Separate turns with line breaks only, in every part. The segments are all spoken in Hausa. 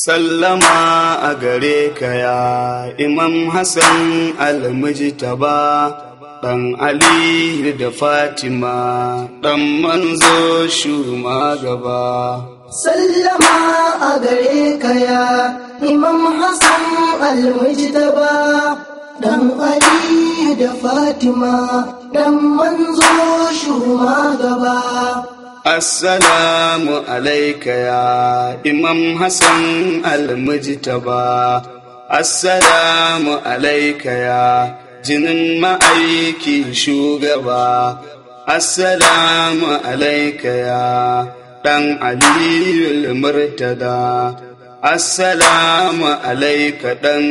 sallama a gare ka ya imam hassan almujtaba ɗan ali da fatima ɗan manzo shuma gaba
sallama a gare ka ya imam hassan almujtaba ɗan ali da fatima ɗan manzo shuma gaba
assalamu alaika ya imam hassan Al-Mujtaba assalamu alaika ya jinin ma'aiki shugaba assalamu alaika ya ɗan aliyul murtada assalamu alaika ɗan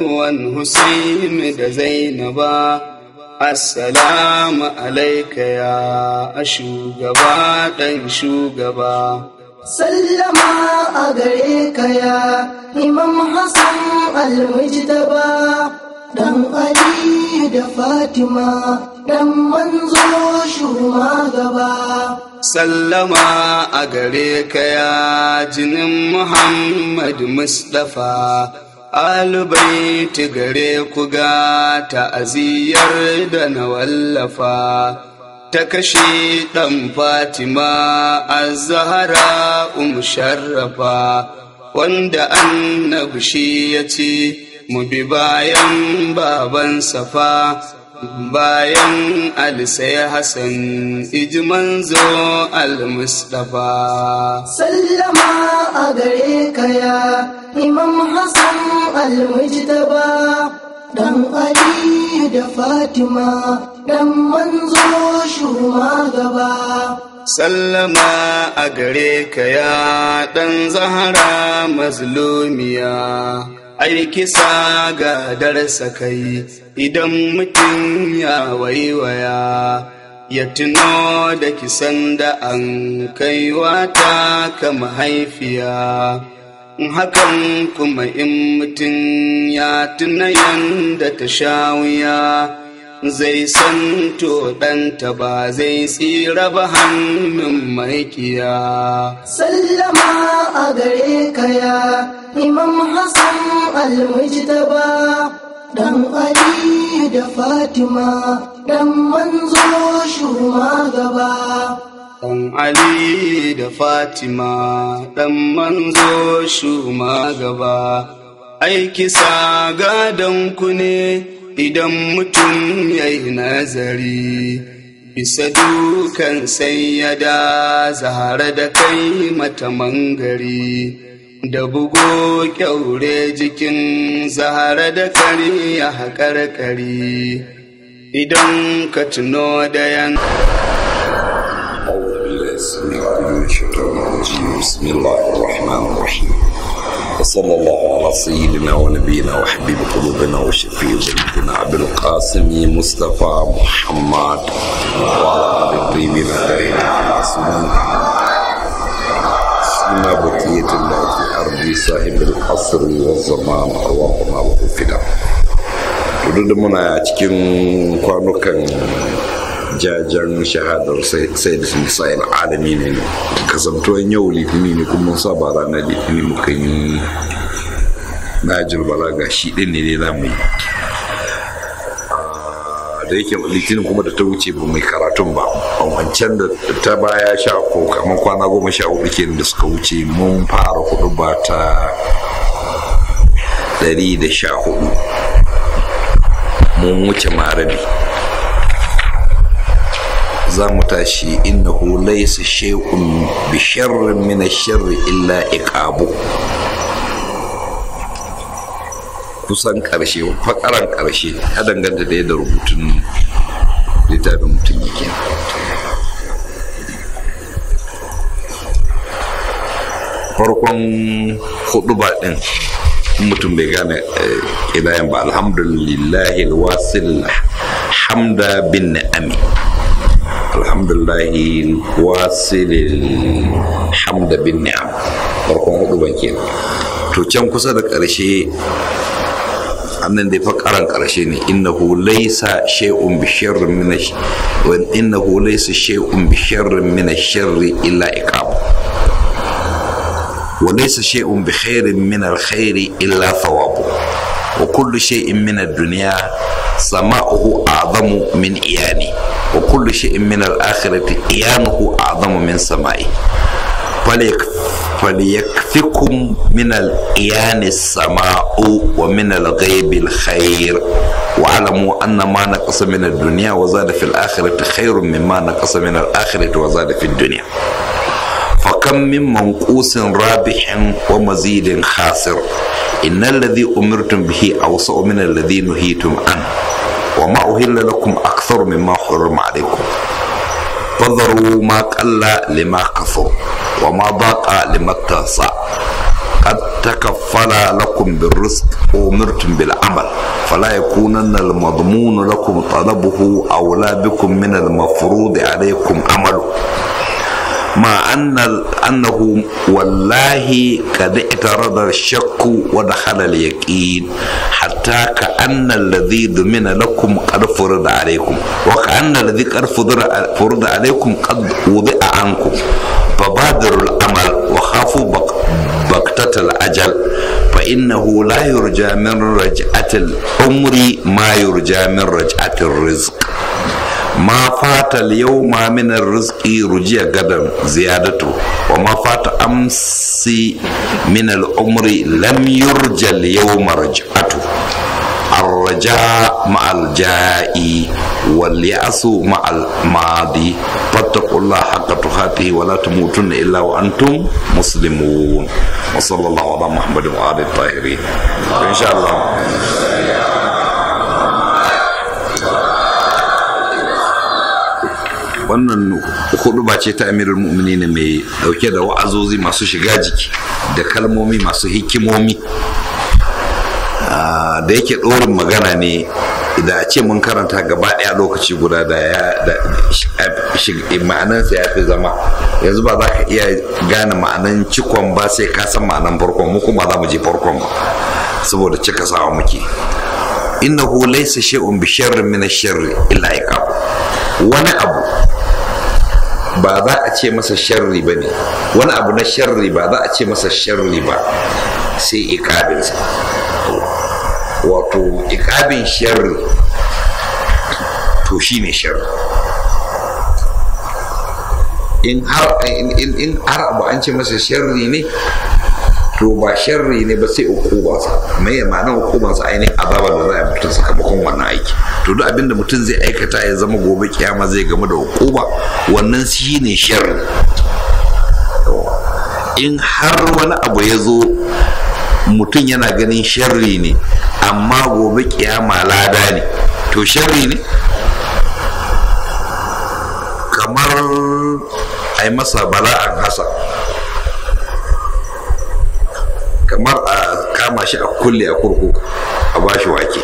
uwan husaini da zainaba Assalamu alaika ya a shugaba ɗan shugaba.
Sallama a gare ka ya Imam Hassan al-Mujtaba dan Ali da Fatima ɗan manzo shuma gaba.
Sallama a gare ka ya jinin Muhammad Mustapha. albaiti gare ku ga ta'aziyar da na wallafa ta kashe ɗan fatima a zahara umusharrafa wanda annabi shi ya ce mu bi bayan baban safa bayan alisai hassan iji manzo al almustafa
sallama a gare ya, imam hassan almujtaba dan ali da fatima dan manzo shuma gaba
sallama a gare ya, dan zahara mazlumiya aikisa ga darasa kai idan mutum ya waiwaya ya tuno da kisan da an kaiwa ta kama haifiya hakan kuma in mutum ya tuna yanda ta sha wuya zai san to ɗanta ba zai tsira ba hannun maikiya.
Sallama a gare ka ya, Imam Hassan almujtaba dan Ali da Fatima, dan manzo shuma gaba.
Dan Ali da Fatima, dan manzo shuma gaba, aiki sa gadon ku ne. idan mutum ya yi nazari bisa dukan da zahara da kai mata mangari da bugo kyaure jikin zahara da kari ya haƙar kari idan ka tuno da yan
بسم الله الرحمن الرحيم وصلى الله على سيدنا ونبينا وحبيب قلوبنا وشفيع ذنوبنا عبد القاسم مصطفى محمد وعلى آل الطيبين الطاهرين المعصومين سيما بقية الله في أرض صاحب العصر والزمان اللهم اغفر لنا. Duduk mana cikin kwanukan jajen shahadar sai da sun sa'il alami ne kasantuwan yau litini ne kuma sa ba ranar litini muka yi Na jirbala ga shi ɗin ne ne zamu yi ah, da yake litinin kuma da ta wuce ba mai karatun ba a wancan da ta baya sha ko kamar kwana goma sha hudu kenan da suka wuce mun fara hudu ba ta ɗari da sha hudu mun wuce marabi za mu tashi hu laysa shay'un bi sharrin min ash-sharri illa iqabu kusan karshe fakaran karshe ya danganta da yadda rubutun littafin mutum yake farkon hudu ba din mutum bai gane eh, idayen ba alhamdulillahi alwasil hamda bin ni'ami الحمد لله واصل الحمد بالنعم رقم هو بنكين تو كم كسا دك أرشي أنن دي فك أران إنه ليس شيء بشر من الش وإنه ليس شيء بشر من الشر إلا إقام وليس شيء بخير من الخير إلا ثوابه وكل شيء من الدنيا سماؤه أعظم من إياني وكل شيء من الآخرة قيامه أعظم من سمائه فليكفكم من الإيان السماء ومن الغيب الخير واعلموا أن ما نقص من الدنيا وزاد في الآخرة خير مما نقص من الآخرة وزاد في الدنيا فكم من منقوص رابح ومزيد خاسر إن الذي أمرتم به أوسع من الذي نهيتم عنه وما أهل لكم أكثر مما حرم عليكم فذروا ما قل لما كفر وما ضاق لما اتسع قد تكفل لكم بالرزق وأمرتم بالعمل فلا يكونن المضمون لكم طلبه أولى بكم من المفروض عليكم عمله مع أن أنه والله قد اعترض الشك ودخل اليقين حتى كأن الذي ضمن لكم قد فرض عليكم وكأن الذي قد فرض عليكم قد وضع عنكم فبادروا الأمل وخافوا بقتة الأجل فإنه لا يرجى من رجعة العمر ما يرجى من رجعة الرزق ما فات اليوم من الرزق رجيا rujiya زيادته وما فات أمس من العمر لم يرجى اليوم رجعته الرجاء مع الجائي واليأس مع الماضي فاتقوا الله حق تقاته ولا تموتن إلا وأنتم مسلمون وصلى الله على محمد وآل الطاهرين إن شاء الله wannan hudu ba ce ta amirul ne mai dauke da wa'azozi masu shiga jiki da kalmomi masu hikimomi ah, da yake ɗorin magana ne da a ce mun karanta gaba ɗaya lokaci guda da ya ma'anansa ya fi zama yanzu ba za ka iya gane ma'anan cikon ba sai ka san ma'anan farkon mu kuma za mu je farkon ba saboda cika sawa muke innahu laysa shay'un bi sharrin min ash-sharri illa iqab wani abu ba za a ce masa sharri ba ne wani abu na sharri ba za a ce masa sharri ba sai ikabinsa wato ikabin sharri to shi ne sharri in har abu an ce masa sharri ne to ba sharri ne ba sai ba sa, mai uku ba sa ainihin azabar da za a mutum sakamakon wannan aiki to duk abin da mutum zai aikata ya zama gobe kiyama zai gamu da hukuma wannan shi ne sharri in har wani abu ya zo mutum yana ganin sharri ne amma gobe kiyama lada ne to sharri ne kamar a yi masa bala'an hasa kamar a kama shi a kulle a kurkuku a bashi wake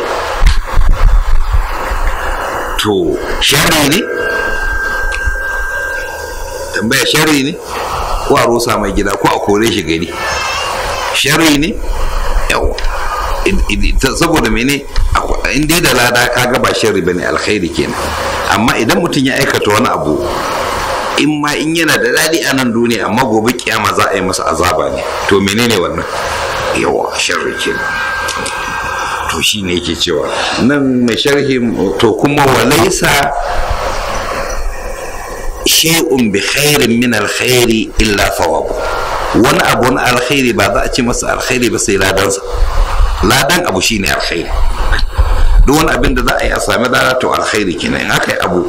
wato shari ne tambaya shari ne ko a rosa mai gida ko a kore shi gari shari ne yawa saboda mene in dai da lada ka gaba shari bane alkhairi kenan amma idan mutum ya aikata wani abu in ma in yana da daɗi a nan duniya amma gobe kiyama za a yi masa azaba ne to menene wannan yawa shari kenan to shi ne yake cewa nan mai sharhi to kuma walaisa shay'un bi khairin min alkhairi illa thawabu wani abu na alkhairi ba za a ce masa alkhairi ba sai sa ladan abu shine alkhairi duk wani abin da za a yi a sami dara to alkhairi kenan in aka yi abu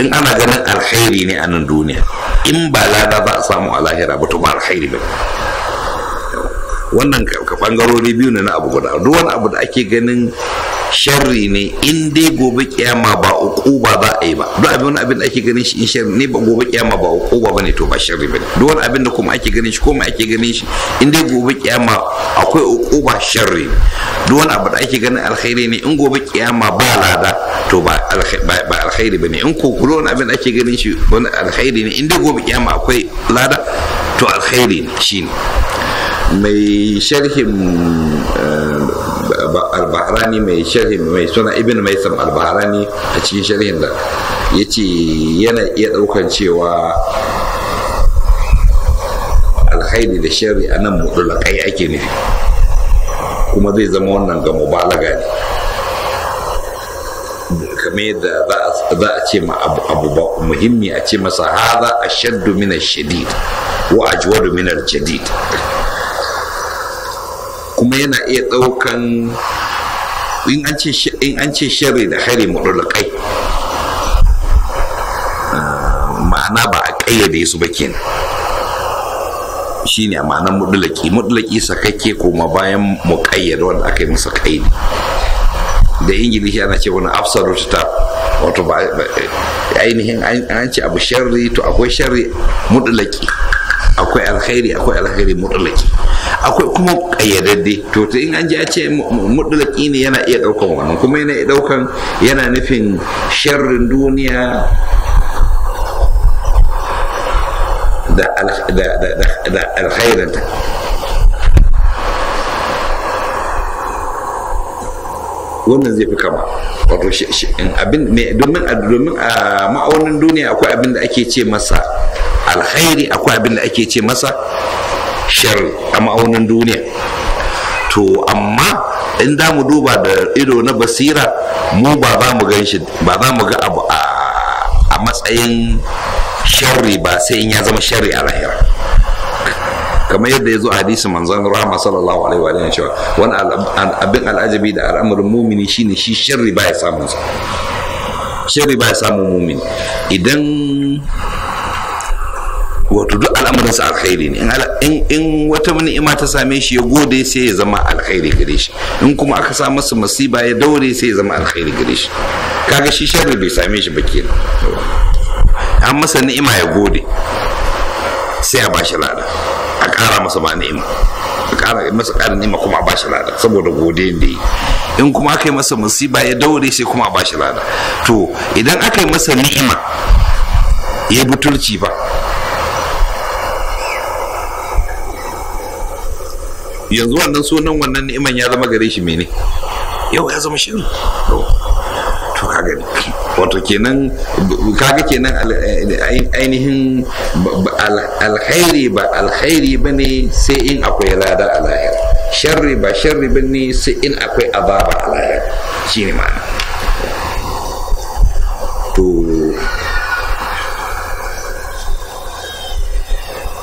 in ana ganin alkhairi ne a nan duniya in ba lada za a samu a lahira ba to ba alkhairi ba wannan bangarori biyu ne na abu guda duk wani abu da ake ganin sharri ne in dai gobe kiyama ba uku ba za a yi ba duk abin abin da ake ganin shi in sharri ne ba gobe kiyama ba uku ba bane to ba sharri bane duk wani abin da kuma ake ganin shi kuma ake ganin shi in dai gobe kiyama akwai uku ba sharri ne duk wani abu da ake ganin alkhairi ne in gobe kiyama ba lada to ba alkhairi bane in ko wani abin da ake ganin shi wani alkhairi ne in dai gobe kiyama akwai lada to alkhairi ne shine mai sharhin eh, albaharani mai sharhin mai suna ibn maisam albaharani a cikin sharhin da ya ce yana iya ɗaukan cewa alhaili da shari a nan mutulakai ake nufi kuma zai zama wannan ga mubalaga ne kame da za a ce ma abu muhimmi a ce masa haza shaddu minar shadid wa ajwadu minar jadid kuma yana iya ɗaukan in an ce sharri da hari mudulakai ah, ma'ana ba a ƙayyade su ba shi shine a ma'anar mudulaki mudulaki sakakke kuma bayan mu muƙayyade wanda aka yi masa ƙayyade da ingilishi ana ce wani absolute ta wato ba ainihin an ce abu sharri to akwai sharri mudulaki akwai alkhairi akwai alkhairi mudulaki akwai kuma kayyadadde to ta in an ji a ce mudulaki ne yana iya daukan wannan kuma yana iya daukan yana nufin sharrin duniya da alkhairanta wannan zai fi kama wato abin domin a domin a ma'aunin duniya akwai abin da ake ce masa alkhairi akwai abin da ake ce masa sharri a ma'aunin duniya to amma in za mu duba da ido na basira mu ba za mu gan shi ba za mu ga abu a matsayin sharri ba sai in ya zama sharri a lahira kamar yadda ya zo a hadisi manzan rahama sallallahu alaihi wa alihi cewa wani abin al'ajabi da al'amarin mumini shine shi sharri ba ya samun sa sharri ba ya samun mumini idan wato duk al'amuran sa alkhairi ne in in wata ni'ima ta same shi ya gode sai ya zama alkhairi gare shi in kuma aka sa masa masiba ya daure sai ya zama alkhairi gare shi kaga shi sharri bai same shi ba kenan an masa ni'ima ya gode sai a bashi lada a kara masa ba ni'ima a kara masa kara ni'ima kuma a bashi lada saboda gode da yi in kuma aka yi masa musiba ya daure sai kuma a bashi lada to idan aka yi masa ni'ima ya butulci ba yanzu wannan sunan wannan ni'iman ya zama gare shi mene yau ya zama shiru to ka gani wato kenan kaga kenan eh, ainihin alkhairi ba alkhairi ba ne sai in akwai lada a lahira sharri ba sharri ba ne sai in akwai azaba a lahira shine ma'ana